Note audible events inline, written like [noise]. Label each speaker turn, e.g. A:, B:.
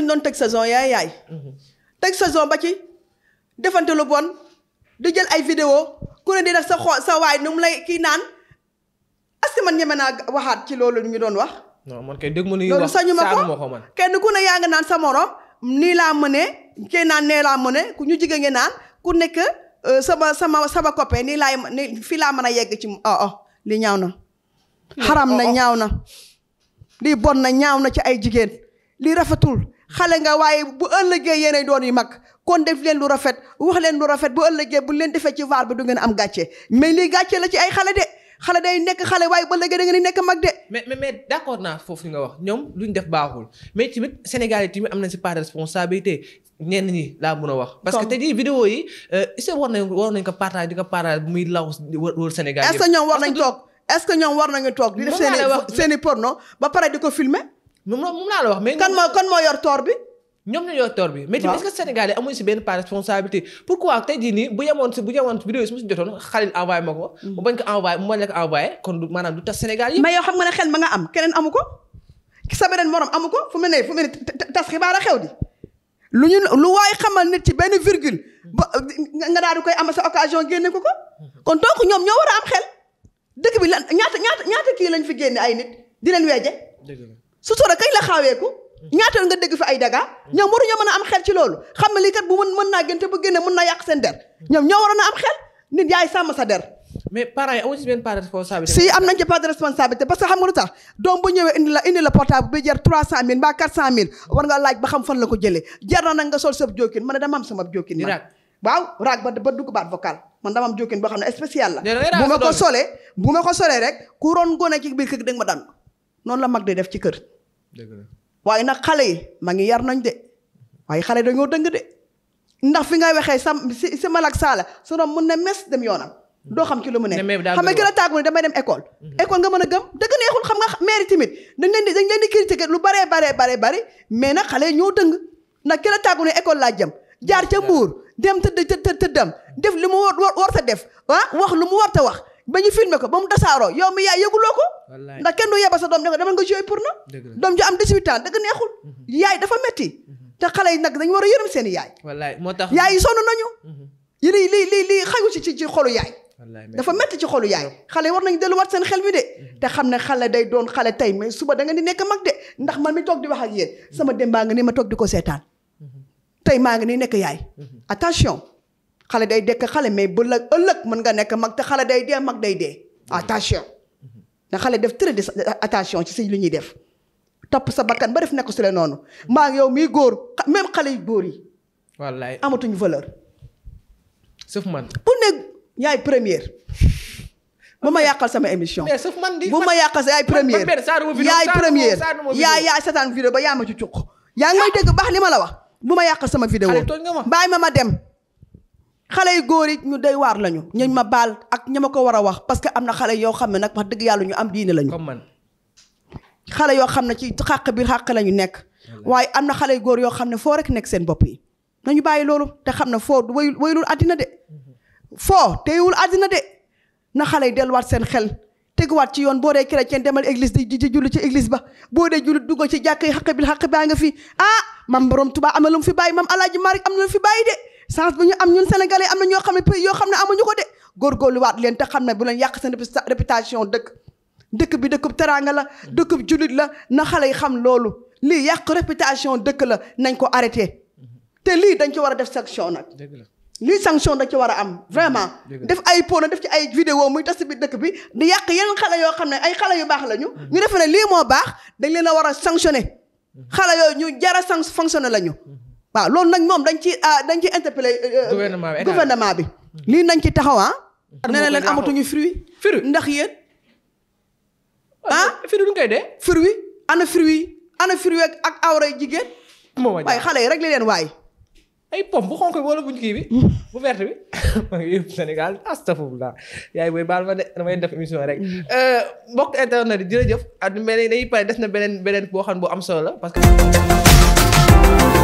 A: dañ doon teg saison yaay yaay. teg saison ba ci defante lu bon di jël ay vidéo ku ne di sa xoo sa waay nu lay kii naan est que man ñeme naa waxaat ci loolu ñu doon wax.
B: non man kay dégg ma ni wax sañu ma man
A: kenn ku ne naan sa morom nii laa mënee kii naan nee laa mënee ku ñu jigéen ngeen naan ku nekk euh, sama sama sama copain nii laay nii fii laa mën a yegg ci oh oh li ñaaw na. xaram na oh, oh. ñaaw na. lii bon na ñaaw na ci ay jigéen lii rafetul xale nga waaye bu ëllëgee yéenay doon yu mag kon def leen lu rafet wax leen lu rafet bu ëllëgee bu leen defee ci vaar bi du ngeen am gàcce mais lii gàcce la ci ay xale de xale day nekk xale waaye ba léegi da
B: ngeen nekk mag de. mais mais mais d' accord naa foofu li nga wax ñoom lu ñu def baaxul mais tamit Sénégal yi tamit am na si part de responsabilité ñenn ñi laa mun a wax. parce que tey jii vidéo yi euh, est ce nañ ko partage di ko partage bu muy law wër Sénégal yëpp. est ce nañ toog
A: est ce que ñoom war nañu toog. di def
B: seen i porno ba pare ko filmer. mu moom laa la wax mais. kan moo moo yor toor bi. ñoom ñoo yor toor bi. mais tamit est si benn part responsabilité pourquoi tey jii nii bu yemoon si bu yemoon si vidéo yi su ma si jotoon xalil envoyé ma ko. mu mm. bañ ko envoyé mu bañ la ko envoyé kon du
A: ko sa beneen morom amu ko fu mu ne fu mu ne tas xibaar a lu ñu lu waay xamal nit ci benn virgule ba nga daal di koy am sa occasion génne ko ko kon donc ñoom ñoo war a am xel dëkk bi lan ñaata ñaata ñaata kii lañ fi génne ay nit di leen weeje su sore kañ la xaaweeku ñaata nga dégg fi ay daga ñoom waruñoo mën a am xel ci loolu xam ne lii kat bu mën mën naa génte a am xam na nag nga sol sab jokkin man ne dama am sama jokkin man waaw raag ba ba dugg baat vocal man dama am jokkin boo xam ne spécial la bu ma ko solee bu ma ko solee rek ku roon gone ci biir kër dégg ma dan noonu la mag di def ci kër. waaye nag xale yi ma ngi yar nañ de waaye xale ñoo dëng de ndax fi ngay waxee sam si si malak saala su doon mën na mes dem yoonam. doo xam ci lu mu ne xam nga ki la tàggu ne dem école. Mhm. école nga mën a gëm dëgg neexul xam nga mairie tamit dañ leen di dañ leen di critiquer lu baree baree bare bari mais nag xale ñoo dëng ndax ki la tàggu ne école laa jëm jaar ca mbuur dem tëdd tëdd tëddam def li mu war war ta def ah wax lu mu war ta wax. ba ñu filmé ko ba mu tasaaroo yow mi yaay yëguloo ko ndax kenn du yebba sa doom ne ko demal nga jooy pour na doom ju am 18 ans dëgg neexul mhm. yaay dafa metti mhm. te xale yi nag dañu war a yërëm seen yaay yaay yi sonn nañu mhm. yi li li li lii xaju ci ci ci xolu yaay dafa metti ci xolu yaay xale war nañu delluwaat seen xel mi de te xam ne xale day doon xale tey mais suba da nga di nekk mag de ndax man mi toog di wax ak yéen sama démbaa nga ni ma toog di ko seetaan tey maa ngi ni nekk yaay attention xale day dekk xale mais ba la ëllëg mën nga nekk mag te xale day dee mag day dee attention mhm. na xale def très attention ci si li ñuy def topp sa bakkan ba def nekk su le noonu maa ngi yow miy góor même xale yu góor yi wallaay amatuñu valeur sauf man bu ne yaay première [laughs] bu ma yàqal sama émission
B: bu ma yàqal sa yaay première yaay première yaay yaay
A: setaan ba yaa ma ci cuq yaa ngi may dégg baax li ma la wax bu ma yàqal sama vidéo bàyyi ma ma dem xale yu góor yi ñu doy waar lañu ñu ma baal ak ña ma ko war a wax parce que am na xale yoo xam ne nag wax dëgg yàlla ñu am diine lañu. comme xale yoo xam ne ci xàq biir xàq lañu nekk. waaye am na xale yu góor yoo xam ne foo rekk nekk seen bopp yi. nañu bàyyi loolu te xam ne foo wayul wayulul àddina de. foo teewul àddina de na xale yi delluwaat seen xel. waat ci yoon boo dee ceen demal église di di julli ci église ba boo dee julli dugg ci jàkk yi xaq bi xaq baa nga fi ah mam borom Tuubaa am na mu fi bàyyi mam alaaji Maalik am na fi bàyyi chance bu ñu am ñun sénégalais am na ñoo xam ne yoo xam ne amuñu ko de góorgóorluwaat leen te xam ne bu leen yàq seen réputation dëkk dëkk bi dëkkub teraanga la dëkkub jullit la na yi xam loolu lii yàq réputation dëkk la nañ ko arrêté te lii dañ ci war a def sanction nag lii sanction dañ ci war a am vraiment def ay po def ci ay vidéo muy tas bi dëkk bi di yàq yeneen xale yoo xam ne ay xale yu baax la mm-hmm. ñu ñu defe ne lii moo baax dañ leen a war a sanctionné mm-hmm. xale yooyu ñu jara sanctionné la ñu mm-hmm. waaw loolu nag moom dañ ci ah, dañ ci interpellé. Euh, euh, gouvernement bi gouvernement bi. lii nañ ci taxaw ah. ne na leen amatuñu fruit. fruit ndax yéen. ah, ah? fruit duñ koy dee. fruit ana fruit ana fruit ak awra jigéen. moo
B: ma waaye xale yi rek
A: li leen waay. ay pom bu xonk wala bu kii bi
B: [laughs] bu verte bi ma ngi yóbbu Sénégal astafurlah yaay booy baal ma de damay def émission rek mm. euh, mbokk internet di jërëjëf at mel ni dañuy pare des na beneen beneen boo xam ne boo am solo la parce que.